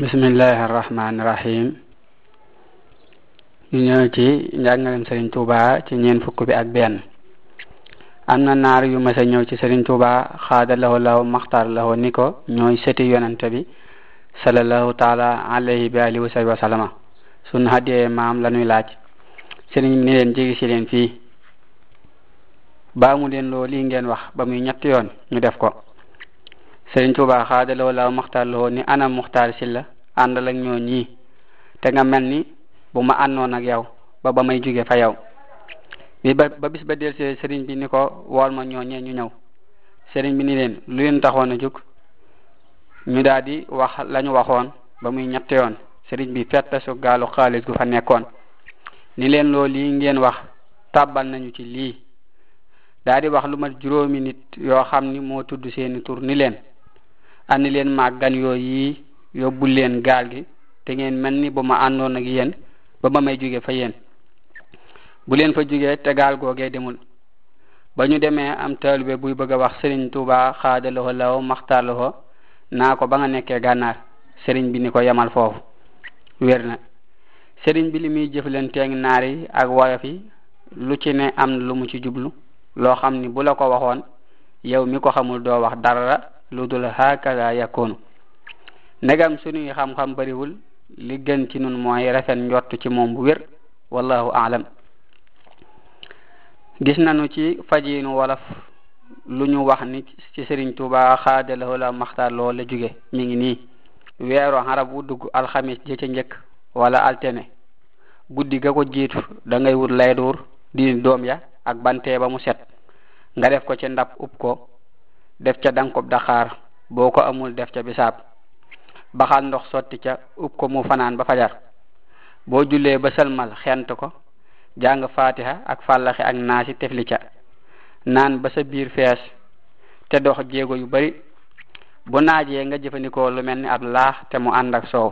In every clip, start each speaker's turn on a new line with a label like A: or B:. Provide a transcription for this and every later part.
A: bismillahi arrahmani rahim ñu ñëw ci njàngalem Serigne Touba ci ñeen fukk bi ak benn am na naar yu ma a ñëw ci Serigne Touba xaada lawo law maxtaar lawo ni ko ñooy sëti yonante bi salallahu taala alayhi bi alihi wa sahbi wa sallama sun maam la ñuy laaj Serigne bi ni leen jigi leen fii baa mu leen loo ngeen wax ba muy ñetti yoon ñu def ko sëriñ Tuubaa xaadaloo la muxtaar loo ni ana muxtaar si la àndal ak ñoo ñii te nga mel ni bu ma àndoon ak yow ba ba may jóge fa yow bi ba ba bis ba delsee sëriñ bi ni ko wool ma ñooñee ñu ñëw sëriñ bi ni leen lu leen taxoon a jóg ñu daal wax lañu waxoon ba muy ñetti yoon sëriñ bi fettasu gaalu xaalis gu fa nekkoon ni leen loolu lii ngeen wax tàbbal nañu ci lii daal wax lu ma juróomi nit yoo xam ni moo tudd seeni tur ni leen andi leen maag gan yooyu yóbbu leen gaal gi te ngeen mel ni ba ma àndoon ak yéen ba ma may jóge fa yéen bu leen fa jógee te gaal googee demul ba ñu demee am taalibe buy bëgg a wax sëriñ Tuuba xaadaloxo law maxtaarloxo naa ko ba nga nekkee gànnaar sëriñ bi ni ko yamal foofu wér na sëriñ bi li muy jëflanteeg naar yi ak woyof yi lu ci ne am lu mu ci jublu loo xam ni bu la ko waxoon yow mi ko xamul doo wax dara lu dul hakada yakunu negam sunuy xam-xam bariwul li gën ci nun mooy rafet njott ci moom bu wér wallahu aalam gis nanu ci fajiinu wolof lu ñu wax ni ci Sëriñ Tuuba xaadalaho la maxtaar loolu la jóge mi ngi nii weeru xarab wu dugg alxamis ja ca njëkk wala altene guddi ga ko jiitu da ngay wut layduur di doom ya ak bantee ba mu set nga def ko ci ndab ub ko def ca dankob daxaar boo ko amul def ca bisaab baxal ndox sotti ca ub ko mu fanaan ba fajar boo jullee ba salmal xent ko jàng fatiha ak fàllaxe ak naasi tefli ca naan ba sa biir fees te dox jéego yu bari bu naajee nga jëfandikoo lu mel ni ab laax te mu ànd ak soow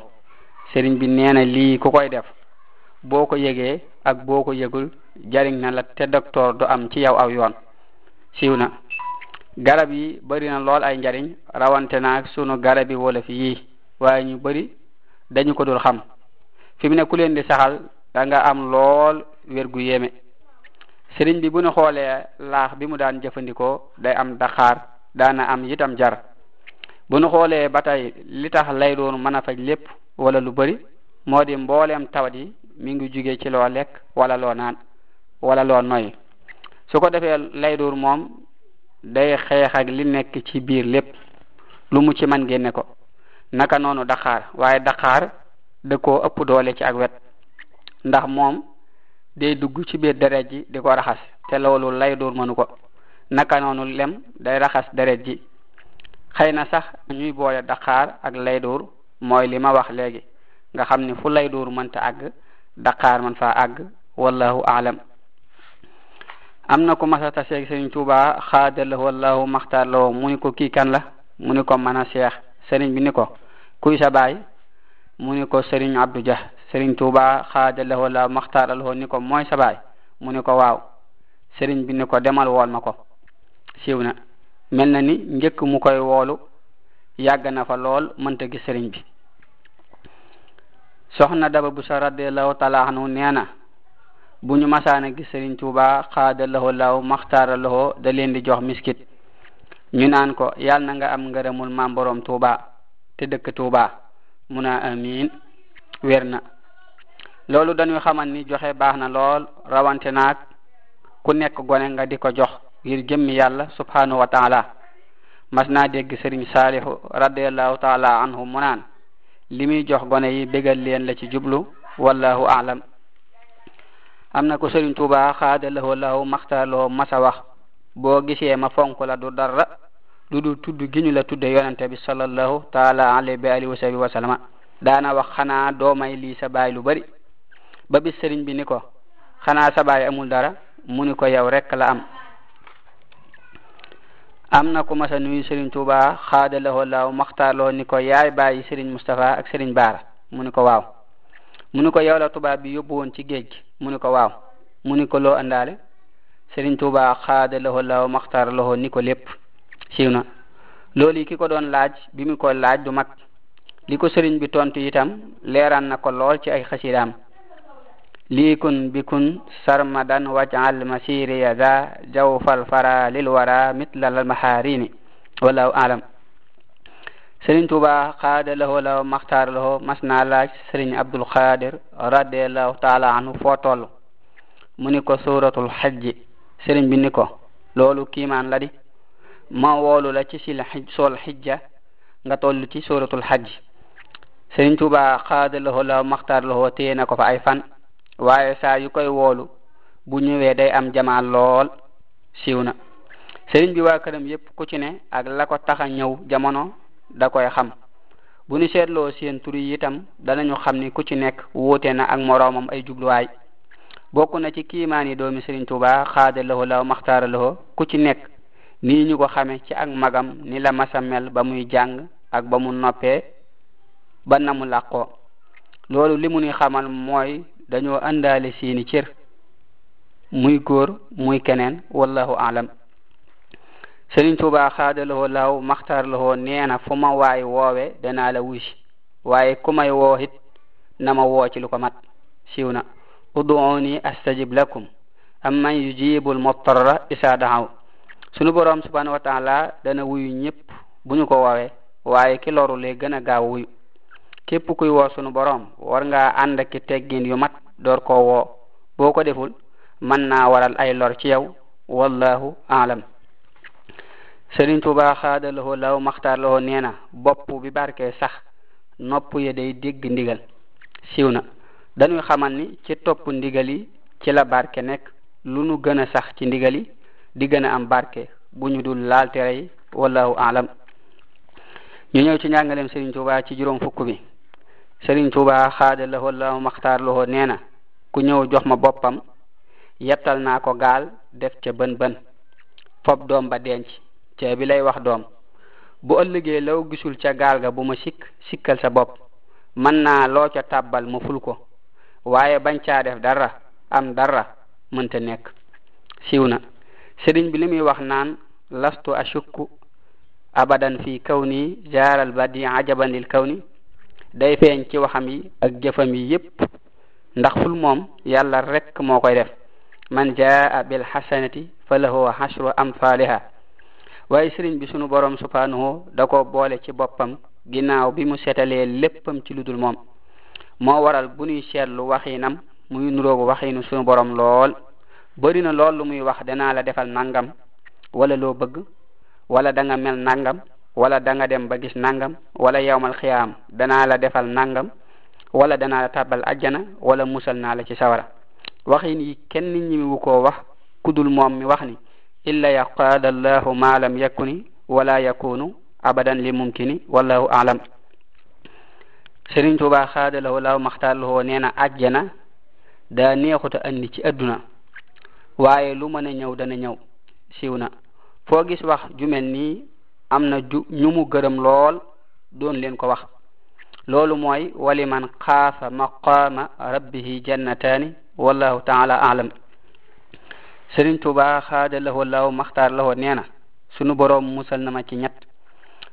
A: sëriñ bi neena lii ko koy def boo ko yëgee ak boo ko yëgul jariñ na la te docteur du am ci yow aw yoon siiw na garab yi bari na lool ay njariñ rawante naag sunu garab yi wolof yi waaye ñu bari dañu ko dul xam fi mu ne ku leen di saxal da nga am lool wér gu yéeme sëriñ bi bu nu xoolee laax bi mu daan jëfandikoo day am daxaar daana am itam jar bu nu xoolee ba tey li tax lay doon mën a faj lépp wala lu bari moo di mbooleem tawat yi mi ngi jugee ci loo lekk wala loo naan wala loo noy su defee lay doon moom day xeex ak li nekk ci biir lépp lu mu ci man génne ko naka noonu daqaar waaye daqaar da koo ëpp doole ci ak wet ndax moom day dugg ci biir deret ji di ko raxas te loolu lay dóor mënu ko naka noonu lem day raxas deret ji xëy na sax ñuy boole daqaar ak lay dóor mooy li ma wax léegi nga xam ni fu lay dóor mënta àgg daqaar man faa àgg wallahu aalam am na ko masa taseeg sëriñ Tuuba xaadala wallahu maxtaar la woo mu ni ko kii kan la mu ni ko man a seex sëriñ bi ni ko kuy sa baay mu ni ko sëriñ Abdou Dia sëriñ Tuuba xaadala wallahu maxtaar la woo ni ko mooy sa baay mu ni ko waaw sëriñ bi ni ko demal wool ma ko siiw na mel na ni njëkk mu koy woolu yàgg na fa lool mënta gis sëriñ bi soxna Daba Buso radiyallahu taala anhu nee bu ñu masaana gis Sëriñ Tuuba xaada lahoo laaw maxtaara lahoo da leen di jox miskit ñu naan ko yàlla na nga am ngërëmul maam boroom Tuuba te dëkk Tuuba mu naa amiin wér na loolu dañuy xamal ni joxe baax na lool rawante naag ku nekk gone nga di ko jox ngir jëmmi yàlla subhanahu wa taala mas naa dégg Sëriñ Saalihu radiallahu taala anhu mu jox gone yi bégal leen la ci jublu wallahu alam am na ko sëriñ tuuba xaada lahoo lahoo maxtaaloo masa wax boo gisee ma fonk la du dara lu du tudd gi ñu la tudde yonente bi sallallahu taala alayhi bi alihi wa sahbi wa daana wax xanaa doo may lii sa baay lu bari ba bis sëriñ bi ni ko xanaa sa baay amul dara mu ni ko yow rek la am am na ku masa nuyu sëriñ tuuba xaada lahoo lahoo maxtaaloo ni ko yaay bàyyi sëriñ Mustapha ak sëriñ Baara mu ni ko waaw mu ni ko yow la tubaab bi yóbbu woon ci géej gi mu ni ko waaw mu ko loo andaale Serigne Touba xaada lahoo law maxtaar lahoo ni ko lépp siwna na loolu ki ko doon laaj bi mu ko laaj du mag li ko sëriñ bi tontu itam leeraan na ko lool ci ay kun bi kun sarmadan wajal masiriya za jawfal fara lil wara mitlal maharini wallahu alam sëriñ tuuba xaada laxoo la maxtaar laxoo mas na laaj sëriñ abdul xaadir radiallahu taala anhu foo toll mu ni ko suratul xajji sëriñ bi ni ko loolu kiimaan la di ma woolu la ci sil sol xijja nga toll ci suratul xajji sëriñ tuuba xaada laxoo la maxtaar laxoo téye na ko fa ay fan waaye saa yu koy woolu bu ñëwee day am jamaal lool siiw na sëriñ bi waa këram yépp ku ci ne ak la ko taxa ñëw jamono da koy xam bu ñu seetloo seen tur yi itam danañu xam ni ku ci nekk wuute na ak moroomam ay jubluwaay bokk na ci kiimaan yi doomi Sëriñ Tuubaa xaada lawo law maxtaara lawo ku ci nekk nii ñu ko xame ci ak magam ni la masa mel ba muy jàng ak ba mu noppee ba na mu làqoo loolu limu mu ni xamal mooy dañoo àndaale seeni cër muy góor muy keneen wallahu alam serigne touba haadaloho law maktarloho neena fu ma waay woowe danaa la wusi waaye ku may woo it nama woo ci lu ko mat siiw na uduuni astajib lakum amman yujibu lmuttarra isa dahaw sunu borom subhanahu wa taala dana wuyu ñépp bu ñu ko woowee waaye ki loru lee gën a gaaw wuyu képp kuy woo sunu borom war ngaa ànd ki teggin yu mat door koo woo boo ko deful mën naa waral ay lor ci yow wallahu alam Sëriñ Tuubaa xaada lahoo law maxtaar lahoo nee na bopp bi barke sax nopp ya day dégg ndigal siiw na dañuy xamal ni ci topp ndigal yi ci la barke nekk lu nu gën a sax ci ndigal yi di gën a am barke bu ñu dul laal tere yi wallahu ñu ñëw ci njàngaleem Sëriñ Tuubaa ci juróom fukk bi Sëriñ Tuubaa xaada lahoo law maxtaar nee na ku ñëw jox ma boppam yettal naa ko gaal def ca bën bën fob doom ba denc caabi lay wax doom bu ëllëgee law gisul ca gaal ga bu ma sikk sikkal sa bopp mën naa loo ca tàbbal ma ful ko waaye bañ caa def dara am dara mënta nekk siiw na sëriñ bi li muy wax naan lastu ashukku abadan fi ni jaaral badi ajaban kaw ni day feeñ ci waxam yi ak jëfam yi yépp ndax ful moom yàlla rekk moo koy def man jaa bil hasanati fa lahu hashru waaye sëriñ bi suñu borom subhanahu da ko boole ci boppam ginnaaw bi mu seetalee léppam ci ludul moom moo waral bu nuy seetlu waxinam muy nuroogu waxinu sunu boroom lool bëri na lool lu muy wax danaa la defal nangam wala loo bëgg wala danga mel nangam wala danga dem ba gis nangam wala yawmal xiyaam danaa la defal nangam wala danaa la tàbbal ajjana wala musal naa la ci sawara waxin yi kenn ñi wu wax kudul moom mi wax ni illa yaqaada allahu ma lam yakuni wala yakunu abadan li mumkini wallahu alam Sëriñ Tuubaa xaadalahu laaw maxtaarlowoo nee na àjjana daa neexuta andi ci adduna waaye lu mën a ñëw dana ñëw siiw na foo gis wax ju mel ni am na ñumu ñu gërëm lool doon leen ko wax loolu mooy waliman xaafa maqaama rabbihi jannataani wallahu taala alam sëriñ Tuubaa xaada la wallaahu maxtaar la nee na sunu boroom musal na ma ci ñett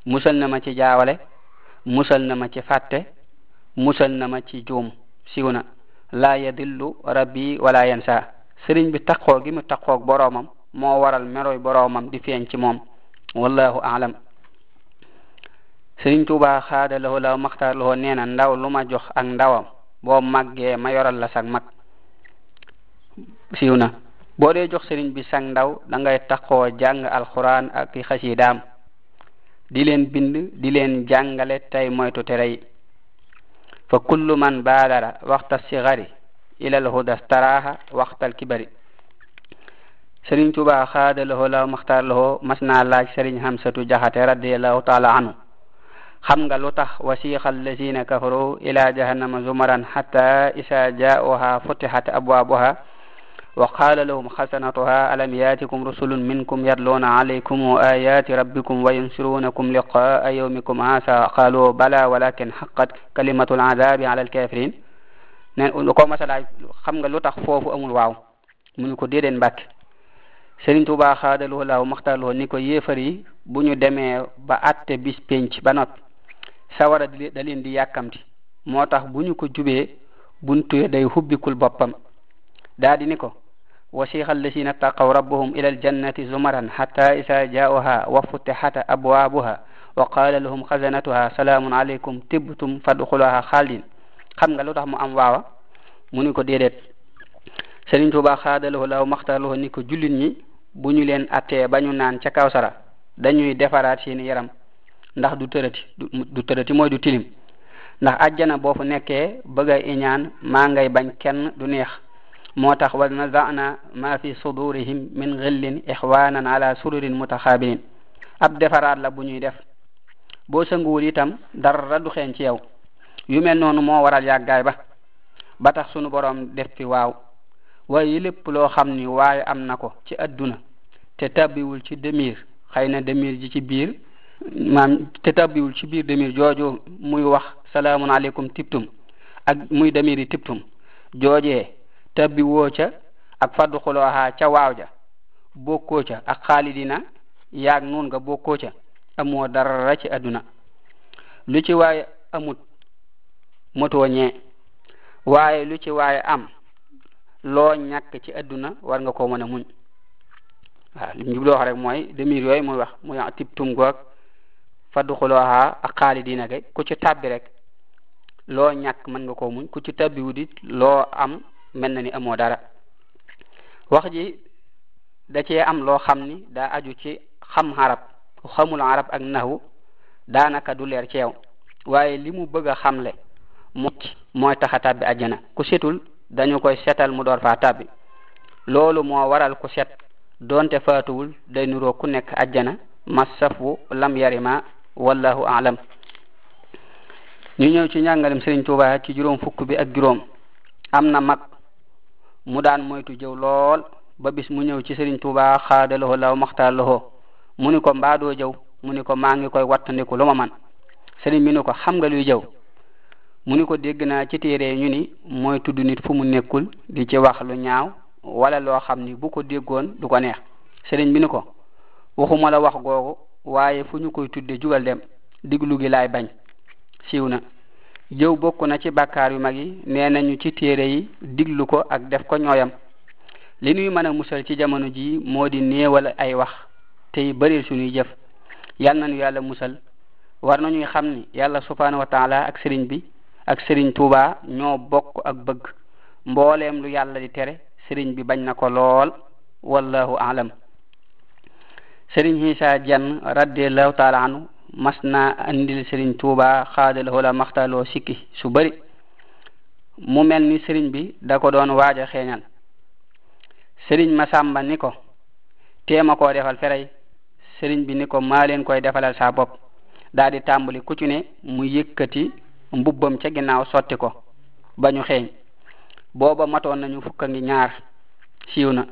A: musal na ma ci jaawale musal na ma ci fàtte musal na ma ci juum siw na laa yadillu rabbi wala yansa sëriñ bi taqoo gi mu taqoog boroomam moo waral meroy boroomam di feeñ ci moom wallahu aalam sëriñ Tuubaa xaada la wallaahu maxtaar la nee na ndaw lu ma jox ak ndawam boo màggee ma yoral la sag mag na boo dee jox sëriñ bi sang ndaw da ngay taxoo jàng alquran ak xasidaam di leen bind di leen jàngale tey moytu tere yi fa kullu man baadara waxta sigari ila alhuda staraha waxtal kibari sëriñ tuba xaadaloho law maxtaar loho mas naa laaj sëriñ xamsatu jaxate radiallahu taala anhu xam nga lu tax wasiqa allazina kafaru ila jahannama zumaran xata isa jaauha futihat abwaabuha وقال لهم خزنتها ألم ياتكم رسل منكم يرلون عليكم آيات ربكم وينشرونكم لقاء يومكم عسى قالوا بلى ولكن حقت كلمة العذاب على الكافرين نقوم مثلا خمغ لطخ فوف أم الواو من كدير بك سرين توبا خادلو لاو مختلو نيكو يفري بنيو دمي بأت بيس بنش بنات سوار دلين دي يكامتي موتاخ بنيو كجوبي بنتو يدي حبكو البابم daadi ni ko وسيق الذين اتقوا ربهم إلى الجنة زمرا حتى إذا جاءوها وفتحت أبوابها وقال لهم خزنتها سلام عليكم تبتم فادخلوها خالدين xam nga lu tax mu am waawa mu ni ko déedéet Sëriñ Tuubaa xaadaloo law maxtaloo ni ko julit ñi bu ñu leen attee ba ñu naan ca kawsara dañuy defaraat seeni yaram ndax du tërëti du tërëti mooy du tilim ndax ajjana boo fu nekkee bëgg a iñaan maa ngay bañ kenn du neex moo tax wa nazana ma fi sudurihim min xillin ixwanan ala sururin mutaxaabilin ab defaraat la bu ñuy def boo sënguwul itam dara du xeen ci yow yu mel noonu moo waral yàggaay ba ba tax sunu borom def fi waaw waaye lépp loo xam ni waaye am na ko ci adduna te tabbiwul ci demir xëy na demir ji ci biir maam te tabbiwul ci biir demir jooju muy wax salaamun aleykum tiptum ak muy demiri tiptum joojee tabbi woo ca ak faddu xulooxaa ca waaw ja bokkoo ca ak xaalidina yaag nun nga bokkoo ca amoo dara ci aduna lu ci waaye amut moto ñee waaye lu ci waaye am loo ñàkk ci aduna war nga koo mën a muñ waaw li mu jublu wax rek mooy demir yooyu muy wax muy tib tum goog faddu xulooxaa ak xaalidina ge ku ci tabbi rek loo ñàkk mën nga koo muñ ku ci tabbi wudit loo am mel na ni amoo dara wax ji da cee am loo xam ni daa aju ci xam arab xamul arab ak nahu daanaka du leer ceew waaye li mu bëgg a xamle mucc mooy tax a tàbbi ajjana ku setul dañu koy setal mu door faa tàbbi loolu moo waral ku set doonte faatuwul day nuroo ku nekk ajjana masafu lam yarima wallahu alam ñu ñëw ci njàngalem Sëriñ Tuubaa ci juróom fukk bi ak juróom am na mag mu daan moytu jëw lool ba bis mu ñëw ci sëriñ Tuubaa xaadaloho law maxtaaloho mu ni ko mbaadoo jëw mu ni ko maa ngi koy wattandiku lu ma man sëriñ bi ni ko xam nga luy jëw mu ni ko dégg naa ci téere ñu ni mooy nit fu mu nekkul di ci wax lu ñaaw wala loo xam ni bu ko déggoon du ko neex sëriñ bi ni ko waxuma la wax googu waaye fu ñu koy tudde jugal dem diglu gi laay bañ siiw na jëw bokk na ci bàkkaar yu mag yi nee nañu ci téere yi diglu ko ak def ko ñooyam li nuy mën a musal ci jamono ji moo di néewal ay wax tey bëril suñuy jëf yal nañu yàlla musal war nañuy xam ni yàlla subhanahu wa taala ak sëriñ bi ak sëriñ Tuuba ñoo bokk ak bëgg mbooleem lu yàlla di tere sëriñ bi bañ na ko lool wallahu alam sëriñ Issa Diagne radiallahu taala anhu mas naa andil sëriñ tuuba xaadalahoo la maxtaloo sikki su bari mu mel ni sëriñ bi da ko doon waaj xeeñal sëriñ Masamba ni ko téema ko defal ferey sëriñ bi ni ko maa leen koy defalal saa bopp daal di tàmbali ku ci ne mu yëkkati mbubbam ca ginnaaw sotti ko ba ñu xeeñ booba matoon nañu fukka ngi ñaar siiw na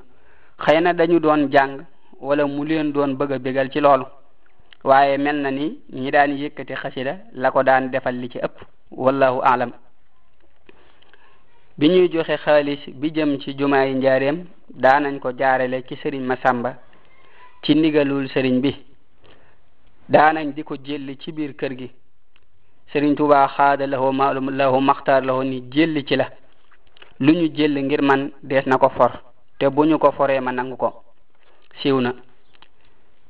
A: xëy na dañu doon jàng wala mu leen doon bëgg a bégal ci loolu waaye mel na ni ñi daan yëkkati xasida la ko daan defal li ci ëpp wallahu alam bi ñuy joxe xaalis bi jëm ci jumaa yi njaareem daanañ ko jaarale ci sëriñ Masamba ci ndigalul sëriñ bi daanañ di ko jëlli ci biir kër gi sëriñ Tuubaa xaada lahu maalum lahu maxtaar lahu ni jëlli ci la lu ñu jëlli ngir man dees na ko for te bu ñu ko foree ma nangu ko siiw na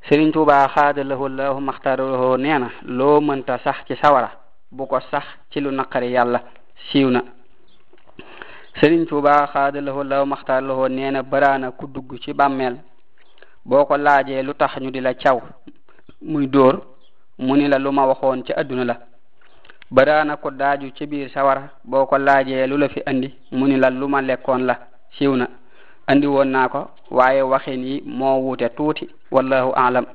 A: Sëriñ Tuubaa xaadalahu lahu maxtaaralahu nee na loo mënta sax ci sawara bu ko sax ci lu naqari yàlla siiw na Sëriñ Tuubaa xaadalahu lahu maxtaaralahu nee na baraana ku dugg ci bàmmeel boo ko laajee lu tax ñu di la caw muy dóor mu ni la lu ma waxoon ci àdduna la baraana ko daaju ci biir sawara boo ko laajee lu la fi andi mu la lu ma lekkoon la siiw na andi woon naa ko waaye waxin yi moo wuute tuuti wallahu alam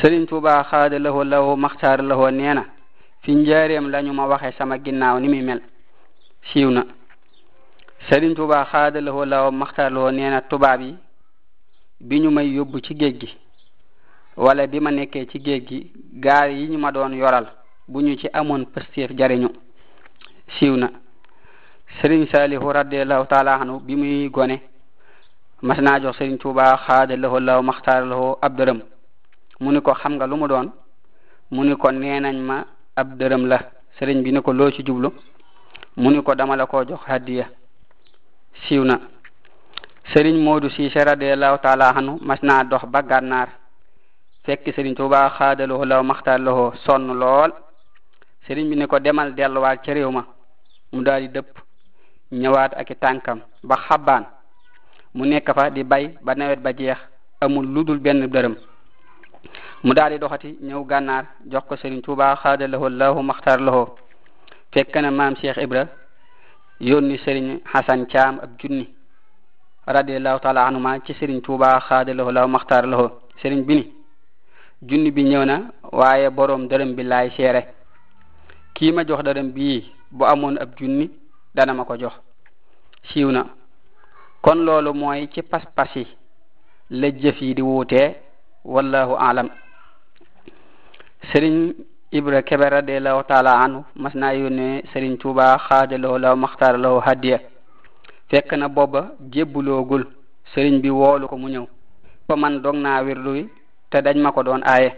A: Sëriñ Tuubaa xaada lahoo lahoo maxtaar lahoo nee na fi njaareem lañu ma waxe sama ginnaaw ni muy mel siiw na Sëriñ Tuubaa xaada lahoo lahoo maxtaar lahoo nee na tubaab yi bi ñu may yóbbu ci géej gi wala bi ma nekkee ci géej gi gaar yi ñu ma doon yoral bu ñu ci amoon pësteef jariñu siiw na sëriñ saalihu radiallahu taala anhu bi muy gone mas naa jox sëriñ tuuba xaada lahoo law maxtaar lahoo ab mu ni ko xam nga lu mu doon mu ni ko nee nañ ma ab dërëm la sëriñ bi ni ko loo ci jublu mu ni ko dama la koo jox hadiya siiw na sëriñ moodu siise radiallahu taala anhu mas naa dox ba gànnaar fekk sëriñ tuuba xaada lahoo law maxtaar lahoo sonn lool sëriñ bi ni ko demal delluwaat ci réew ma mu daal dëpp ñëwaat ak tànkam ba xabaan mu nekk fa di bay ba nawet ba jeex lu dul benn dërëm mu daal di doxati ñëw gànnaar jox ko Serigne Touba xaada lahu lahu maxtar lahu fekk na maam Cheikh Ibra yónni Serigne Hassan Thiam ab junni radiallahu taala ci Serigne Touba xaada lahu lahu maxtar lahu Serigne bi ni junni bi ñëw na waaye boroom dërëm bi laay seere kii ma jox dërëm bii bu amoon ab junni dana ma ko jox siiw na kon loolu mooy ci pas-pas yi la jëf yi di wuutee wallahu alam sëriñ ibra kebe radiallahu taala anhu mas na yónnee sëriñ tuuba xaadaloo law maxtaaraloo hadiya fekk na booba jébbuloogul sëriñ bi woolu ko mu ñëw ko man dog naa wirdu wi te dañ ma ko doon aaye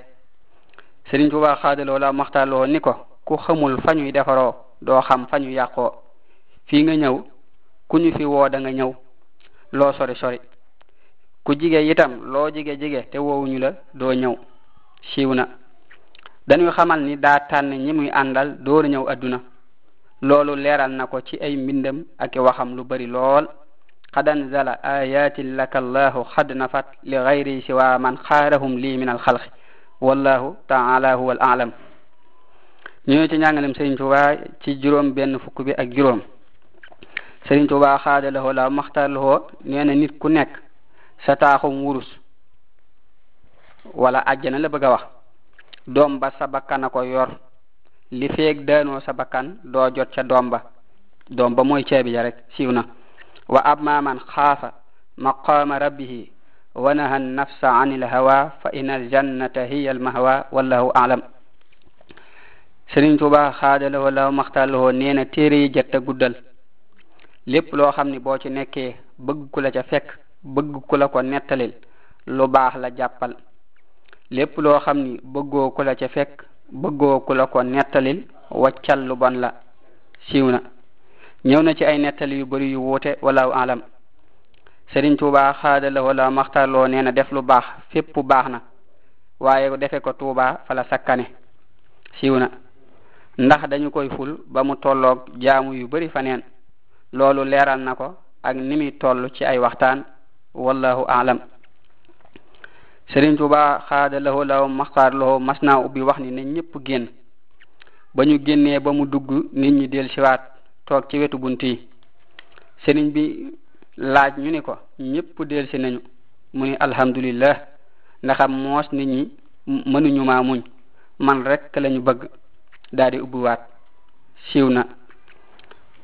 A: sëriñ tuuba xaadaloo law maxtaaraloo ni ko ku xamul fañuy defaroo doo xam fañu yàqoo fii nga ñëw ku ñu fi woo ñëw loo sori sori ku jige itam loo jige jige te woowuñu la doo ñëw siiw na dañuy xamal ni daa tànn ñi muy àndal doo ñëw adduna loolu leeral na ko ci ay mbindam ak waxam lu bari lool xadan zala ayati laka llahu xad nafat li gayri siwa man xaarahum lii min alxalqi wallahu taala huwa al alam ñoo ci ñàngalem sëriñ Tuubaa ci juróom benn fukk bi ak juróom Sëriñ Tuubaa xaada la la nee na nit ku nekk sa taaxum wurus wala àjjana la bëgg a wax doom ba ko yor li feeg daanoo sa bakkan doo jot ca doom ba doom ba mooy ceebi ja rek siiw na wa amma man xaafa maqaama rabbihi wa naha nafsa an il fa in aljannata hiya almahwa wallahu alam Sëriñ Tuubaa xaada la la nee na téere yi jot guddal lépp loo xam ni boo ci nekkee bëgg ku la ca fekk bëgg ko la ko nettalil lu baax la jàppal lépp loo xam ni bëggoo ko la ca fekk bëggoo ku la ko nettalil waccal lu bon la siiw na ñëw na ci ay nettali yu bari yu wuute walaahu alam Sëriñ Tuubaa xaada la wala maxtarloo nee na def lu baax fépp baax na waaye defe ko Tuubaa fa la sakkane
B: siiw na ndax
A: dañu koy ful ba mu tolloog jaamu yu bari faneen loolu leeral na ko ak ni muy toll ci ay waxtaan wallahu aalam sëriñ tuba xaada lahu law maxaar lahu masna ubbi wax ni ne ñëpp génn ba ñu génnee ba mu dugg nit ñu del siwaat toog ci wetu bunti sëriñ bi laaj ñu ni ko ñëpp del si nañu mu ni alhamdulillah ndax am moos nit ñi mënuñu maa muñ man rek lañu bëgg daal di ubbiwaat siiw na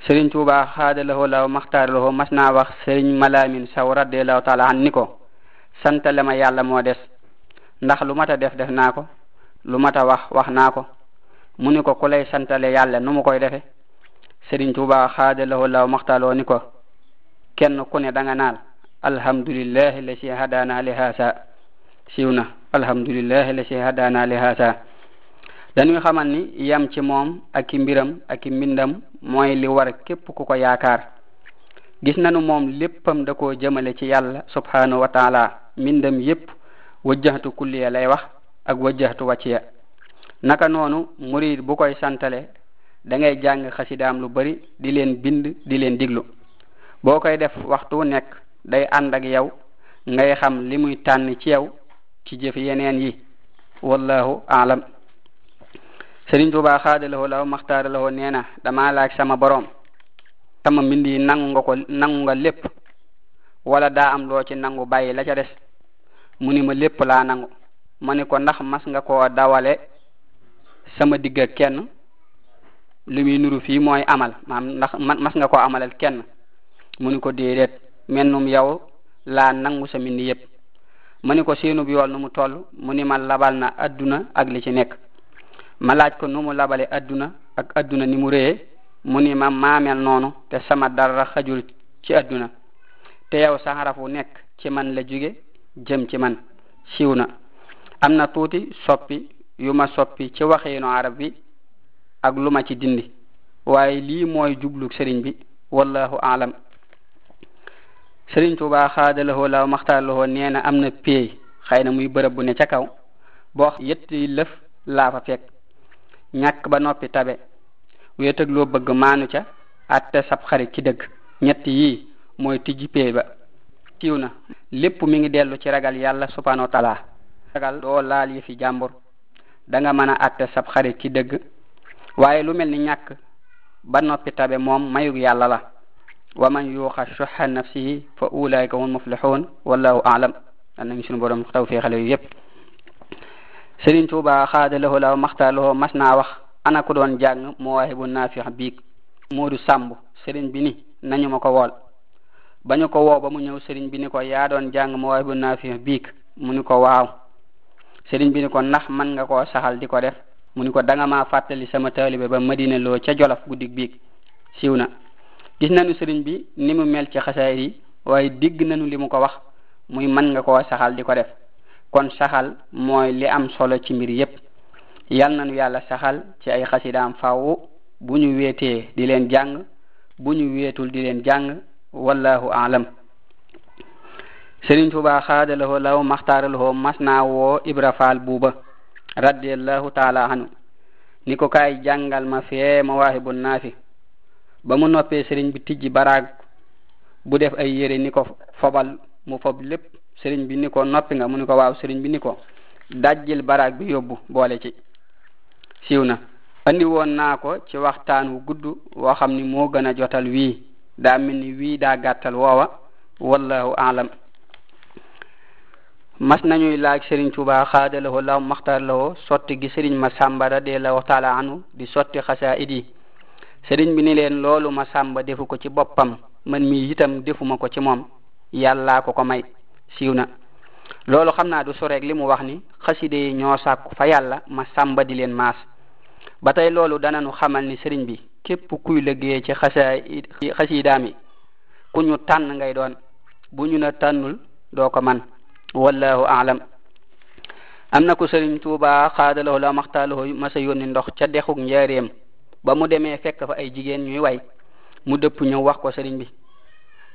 A: sëriñ Tuubaa xaadalahoo law maxtaaralahoo mas naa wax sëriñ Malaamin Saw radiallahu taala an ni ko santale ma yàlla moo des ndax lu mat def def naa ko lu mat a wax wax naa ko mu ni ko ku lay santale yàlla nu mu koy defe sëriñ Tuubaa xaadalahoo law maxtaaralahoo ni ko kenn ku ne da nga naan alhamdulillahi la si hadaana li haasa siiw na alhamdulillahi la si hadaana li haasa dañuy xamal ni yam ci moom ak i mbiram ak mooy li war képp ku ko yaakaar gis nanu moom léppam da koo jëmale ci yàlla subhanahu wa taala mindam yépp wajjahatu kulliya lay wax ak wajjahatu wacciya naka noonu murid bu koy santale da ngay jàng xasidaam lu bari di leen bind di leen diglu boo koy def waxtu nekk day ànd ak yow ngay xam li muy tànn ci yow ci jëf yeneen yi wallahu alam Sëriñ Tuubaa xaadalawoo law maxtaaralawoo nee na dama laaj sama borom tama mbind yi nangu nga ko nangu nga lépp walla daa am loo ci nangu bàyyi la ca des mu ni ma lépp laa nangu ma ni ko ndax mas nga koo dawale sama digg kenn li muy nuru fii mooy amal maam mas nga koo amalal kenn mu ni ko déedéet mennum yow laa nangu sa mbind yépp ma ni ko seenub yool nu mu toll mu ni ma labal na adduna ak li ci nekk ma laaj ko nu mu labale adduna ak adduna ni mu réyee mu ni ma maamel noonu te sama dara xajul ci adduna te yow saxara xaraf wu nekk ci man la jóge jëm ci man siiw na am na tuuti soppi yu ma soppi ci waxiinu arab bi ak lu ma ci dindi waaye lii mooy jublu sëriñ bi wallahu alam sëriñ Tuubaa xaadalahoo laaw maxtaarlahoo nee na am na péey xëy na muy bërëb bu ne ca kaw boo yett yi lëf laa fa fekk ñàkk ba noppi tabe wéet ak loo bëgg maanu ca atte sab xarit ci dëgg ñett yii mooy tijji pay ba tiw na lépp mu ngi dellu ci ragal yàlla subhanahu wa taala ragal doo laal yi fi jàmbur danga nga mën a atte sab xarit ci dëgg waaye lu mel ni ñàkk ba noppi tabe moom mayu yàlla la wa man yuuxa shuxa nafsihi fa ulaika hum muflixuun wallahu aalam yal sunu suñu borom tawféexale yu yépp Sëriñ Tuuba xaada lahoo law maxtaar lahoo mas naa wax ana ku doon jàng Mawaahibu Naafix biig du Sàmb sëriñ bi ni nañu ma ko wool ba ñu ko woo ba mu ñëw sëriñ bi ni ko yaa doon jàng Mawaahibu Naafix biig mu ni ko waaw sëriñ bi ni ko ndax man nga koo saxal di ko def mu ni ko danga ma fàttali sama taalibe ba Madina loo ca Jolof guddig biig siiw na gis nañu sëriñ bi ni mu mel ci xasaay yi waaye dégg nañu li mu ko wax muy man nga koo saxal di ko def kon saxal mooy li am solo ci mbir yépp yal nañu yàlla saxal ci ay xasidaam faaw bu ñu weetee di leen jàng bu ñu weetul di leen jàng wallahu alam Sëriñ Tuubaa xaadalahoo law maxtaaralahoo mas naa woo Ibra Faal buuba radiallahu taala anu ni ko kaay jàngal ma fee mawaahibu naafi ba mu noppee sëriñ bi tijji baraag bu def ay yére ni ko fobal mu fob lépp sëriñ bi ni ko noppi nga mu ni ko waaw sëriñ bi ni ko dajjil baraag bi yóbbu boole ci siiw na andi woon naa ko ci waxtaan wu gudd woo xam ni moo gën a jotal wii daa mel ni wii daa gàttal woowa wallahu alam mas nañuy laaj sëriñ Tuubaa xaadalawoo law maxtaar lawoo sotti gi sëriñ ma sàmba radiallahu taala anhu di sotti xasaayid yi sëriñ bi ni leen loolu ma sàmba defu ko ci boppam man mii itam defuma ko ci moom yàllaa ko ko may siiw na loolu xam naa du soreeg li mu wax ni xaside yi ñoo sàkku fa yàlla ma sàmba di leen maas ba tey loolu dananu xamal ni sëriñ bi képp kuy liggéey ci xasaay xasidaami ku ñu tànn ngay doon bu ñu na tànnul doo ko man wallahu aalam am na ko sëriñ tuuba xaadaloo la maxtaaloo masa yónni ndox ca dexuk njaareem ba mu demee fekk fa ay jigéen ñuy way mu dëpp ñëw wax ko sëriñ bi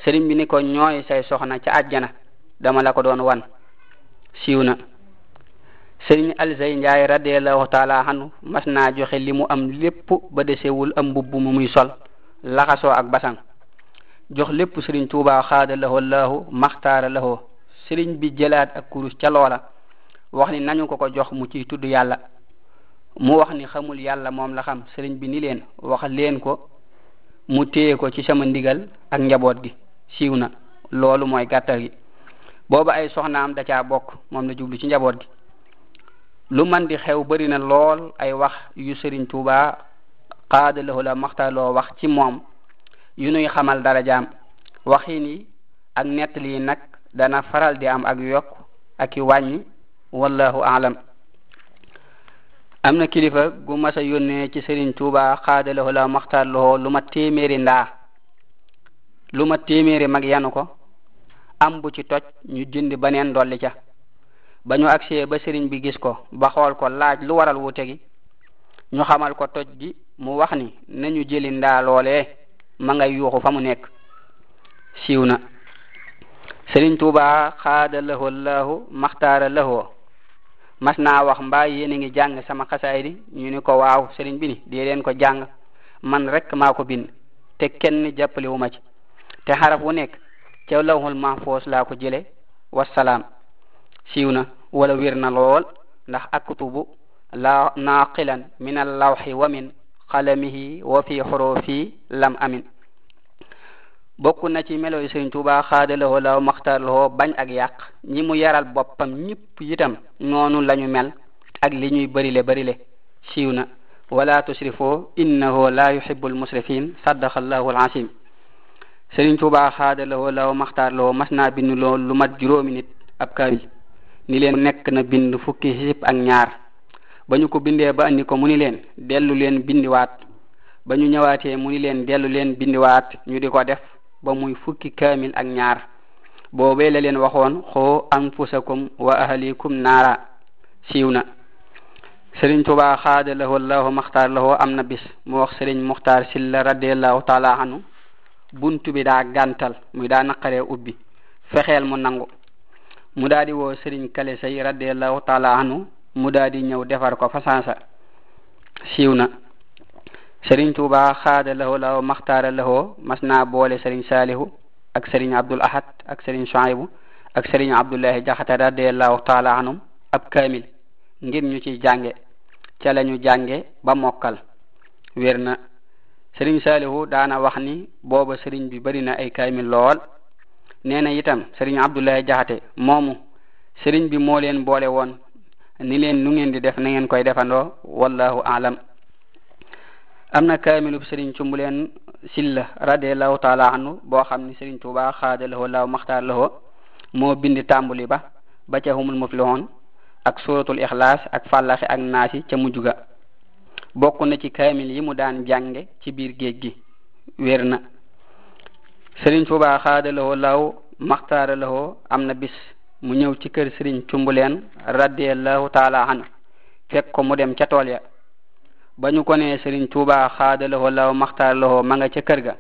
A: sëriñ bi ni ko ñooy say soxna ca àjjana dama la ko doon wan
B: siiw na sëriñ
A: Alsey Njaay radiallahu taala anhu mas naa joxe li mu am lépp ba desewul am mbubb mu muy sol laxaso ak basang jox lépp sëriñ tuuba xaada lahoo laahu maxtaara lahoo sëriñ bi jëlaat ak kurus ca loola wax ni nañu ko ko jox mu ciy tudd yàlla mu wax ni xamul yàlla moom la xam sëriñ bi ni leen wax leen ko mu téye ko ci sama ndigal ak njaboot gi siiw na loolu mooy gàttal gi booba ay soxnaam da caa bokk moom la jublu ci njaboot gi lu man di xew bari na lool ay wax yu Sëriñ Tuuba xaadalahu la maxtaloo wax ci moom yu nuy xamal darajaam waxin yi ak nettali yi nag dana faral di am ak yokk ak i wàññi wallahu alam am na kilifa gu mas a yónnee ci Sëriñ Tuuba xaadalahu la maxtaloo lu ma téeméeri ndaa lu ma téeméeri mag yanu ko am bu ci toj ñu jënd beneen dolli ca ba ñu agsee ba sëriñ bi gis ko ba xool ko laaj lu waral wuute gi ñu xamal ko toj gi mu wax ni nañu jëli ndaa loolee ma ngay yuuxu fa mu nekk siiw na sëriñ tuuba xaada lahoo laahu maxtaara lahoo mas naa wax mbaa yéen ngi jàng sama xasaay di ñu ni ko waaw sëriñ bi ni dee leen ko jàng man rekk maa ko bind te kenn jàppalewu wu ma ci te xaraf wu nekk ca lawhul mahfuz laa ko jële wasalaam siiw na wala wir na lool ndax aktubu la naqilan min allawhi wa min qalamihi wa fi hurufi lam amin bokku na ci melo sëriñ tuba xaadalahoo law maxtarlahoo bañ ak yàq ñi mu yaral boppam ñëpp itam noonu lañu mel ak li ñuy bërile bërile siiw na wala tusrifoo innahu la yuhibu almusrifin saddaqa allahu alazim Sëriñ Tuubaa xaada la woo maxtaar la woo mas naa bind lool lu mat juróomi nit ab kaamil ni leen nekk na bind fukki xisib ak ñaar ba ñu ko bindee ba andi ko mu ni leen dellu leen bindiwaat ba ñu ñëwaatee mu ni leen dellu leen bindiwaat ñu di ko def ba muy fukki kaamil ak ñaar boobee la leen waxoon xoo anfusakum wa ahlikum naara siiw na Sëriñ Tuubaa xaada la woo law maxtaar la woo am na bis mu wax Sëriñ Muxtaar Silla radiallahu taala buntu bi daa gàntal muy daa naqaree ubbi fexeel mu nangu mu daa woo sëriñ kale say radiallahu taala mu daa ñëw defar ko fasansa siiw na sëriñ tuuba xaada lahoo law maxtaara lahoo mas naa boole sëriñ saalihu ak sëriñ abdul ahad ak sëriñ soaybu ak sëriñ abdullahi jaxate radiallahu taala ab kaamil ngir ñu ci jànge ca lañu jànge ba mokkal wér sëriñ saalihu daana wax ni booba sëriñ bi bari na ay kaamil lool nee na itam sëriñ abdullahi jaxate moomu sëriñ bi moo leen boole woon ni leen nu ngeen di def na ngeen koy defandoo wallahu alam am na kaamilub sëriñ sila silla radiallahu taala anhu boo xam ni sëriñ tuuba xaadalahoo laaw maxtaar lahoo moo bindi tàmbuli ba ba ca humul muflihoon ak suratul ixlaas ak fàllaxi ak naasi ca mujj bokk na ci kaamil yi mu daan jànge ci biir géej gi wér na sëriñ Tuubaa xaadalawoo law maxtaaralawoo am na bis mu ñëw ci kër sëriñ cumbuleen radiallahu taala an fekk ko mu dem ca tool ya ba ñu ko nee sëriñ Tuubaa xaadalawoo law maxtaaralawoo ma nga ca kër ga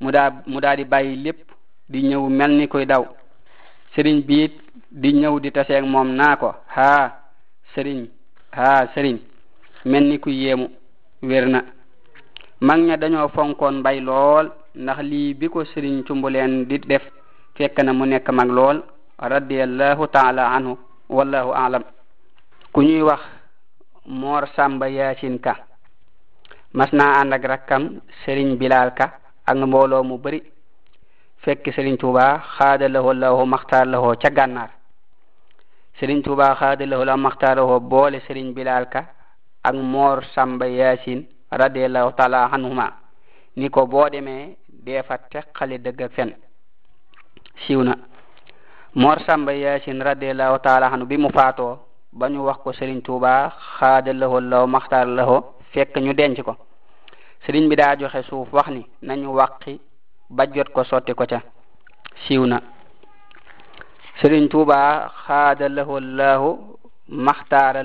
A: mu daa mu daa di bàyyi lépp di ñëw mel ni koy daw sëriñ biit di ñëw di taseeg moom naa ko haa sëriñ haa sëriñ mel ni ku yéemu wér na mag ña dañoo fonkoon mbay lool ndax lii bi ko sëriñ cumbuleen di def fekk na mu nekk mag lool radiallahu taala anhu wallahu alam ku ñuy wax moor sàmba yaasin ka mas naa ànd rakkam sëriñ bilaal ka ak mbooloo mu bari fekk sëriñ tuuba xaadalahoo lahoo maxtaar lahoo ca gànnaar sëriñ tuuba xaadalahoo la maxtaar lahoo boole sëriñ bilaal ka ak moor samba yaasin radiallahu taala anhuma ni ko boo demee dee fa teqale fen
B: siiw na moor
A: samba yaasin radiallahu taala anhu bi mu faatoo ba ñu wax ko sëriñ tuuba xaada laho law maxtaar laho fekk ñu denc ko sëriñ bi daa joxe suuf wax ni nañu wàqi ba jot ko sotti ko ca siiw na sëriñ tuuba xaada laho laahu maxtaara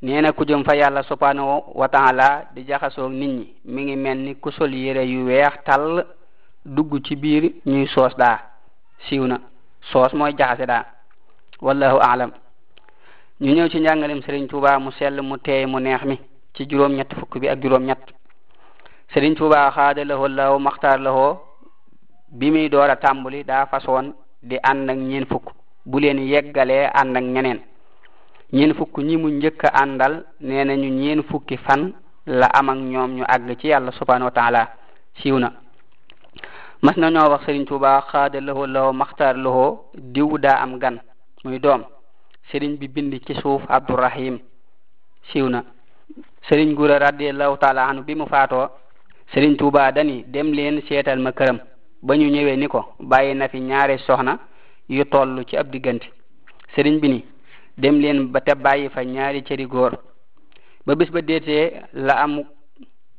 A: nee na ku jëm fa yàlla subhanahu wa taala di jaxasoo nit ñi mi ngi mel ni ku yére yu weex tàll dugg ci biir ñuy soos daa siiw na soos mooy jaxase daa wallahu aalam ñu ñëw ci njàngalem Sëriñ Tuubaa mu sell mu teey mu neex mi ci juróom ñett fukk bi ak juróom ñett Sëriñ Tuubaa xaada lahoo law maxtaar lahoo bi muy doora a tàmbali daa façon di ànd ak ñeen fukk bu leen yeggalee ànd ñeneen ñeen fukk ñi mu njëkk a àndal nee nañu ñeen fukki fan la am ak ñoom ñu àgg ci yàlla subhanahu wa siiw na mas na ñoo wax Serigne Touba xaada lahoo lahoo maxtaar lahoo diw daa am gan muy doom Serigne bi bind ci suuf Abdourahim siiw na Serigne Gura radiallahu taala anhu bi mu faatoo sëriñ Touba dani dem leen seetal ma këram ba ñu ñëwee ni ko bàyyi na fi ñaari soxna yu toll ci ab diggante sëriñ bi ni dem leen ba te bàyyi fa ñaari ceri góor ba bis ba deetee la am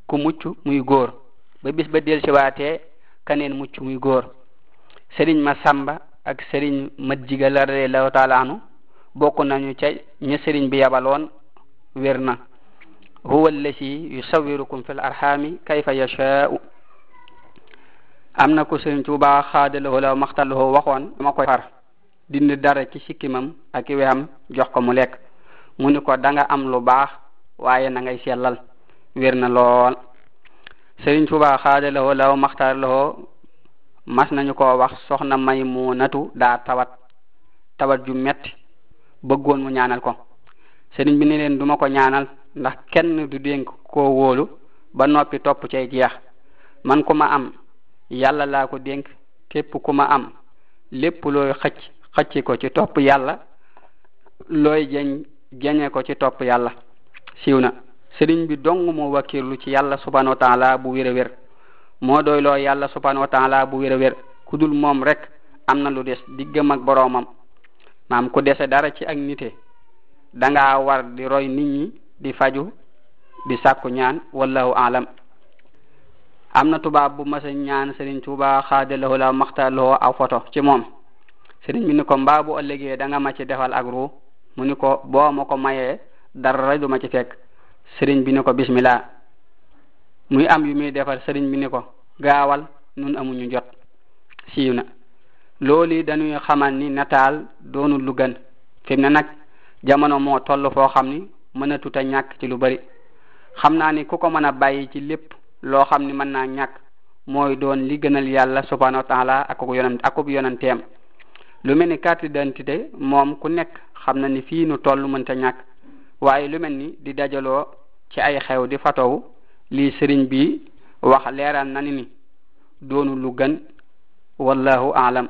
A: ku mucc muy góor ba bis ba del siwaatee kaneen mucc muy góor sëriñ ma samba ak sëriñ ma jiga la radiallahu taala bokk nañu ca ña sëriñ bi yabaloon wér na huwa allazi yusawirukum fi l arhami kayfa yashaau am na ko sëriñ Tuubaa xaadalahoo la maxtalahoo waxoon dama koy far dindi dara ci sikkimam ak i weyam jox ko mu lekk mu ni ko danga am lu baax waaye na ngay sellal wér na lool Sëriñ Tuubaa xaadalawoo law maxtaarlawoo mas nañu ko wax soxna may mu natu daa tawat tawat ju metti bëggoon mu ñaanal ko sëriñ bi ni duma ko ñaanal ndax kenn du dénk koo wóolu ba noppi topp cay jeex man ku am yàlla laa ko dénk képp ku ma am lépp looy xëcc xëcc ko ci topp yàlla looy jeñ jeñe ko ci topp yàlla siiw na sëriñ bi dong moo wakkirlu ci yàlla subhanahu wa taala bu wér a moo doy loo yàlla subhanahu wa bu wér a wér ku dul moom rek am na lu des diggam ak boroomam maam ku dese dara ci ak nite da war di roy nit ñi di faju di sàkku ñaan wallahu alam am na tubaab bu mas a ñaan sëriñ Tuubaa xaadalahoo la maxtaloo aw foto ci moom sëriñ bi ni ko mbaa boo ëllëgee danga nga ma ci defal ak ru mu ni ko boo ma ko mayee dara du ma ci fekk sëriñ bi ni ko bismillah muy am yu muy defal sëriñ bi ni ko gaawal nun amuñu jot siiw na loolu dañuy xamal ni nataal doonu lu gën fi mu ne nag jamono moo toll foo xam ni mën a tuta ñàkk ci lu bari xam naa ni ku ko mën a bàyyi ci lépp loo xam ni mën naa ñàkk mooy doon li gënal yàlla subhanahu wa taala akub yonent akub lu mel ni carte d'identité moom ku nekk xam na ni fii nu toll mënta ñàkk waaye lu mel ni di dajaloo ci ay xew di fatowu lii sëriñ bi wax leeral na ni doonu lu gën alam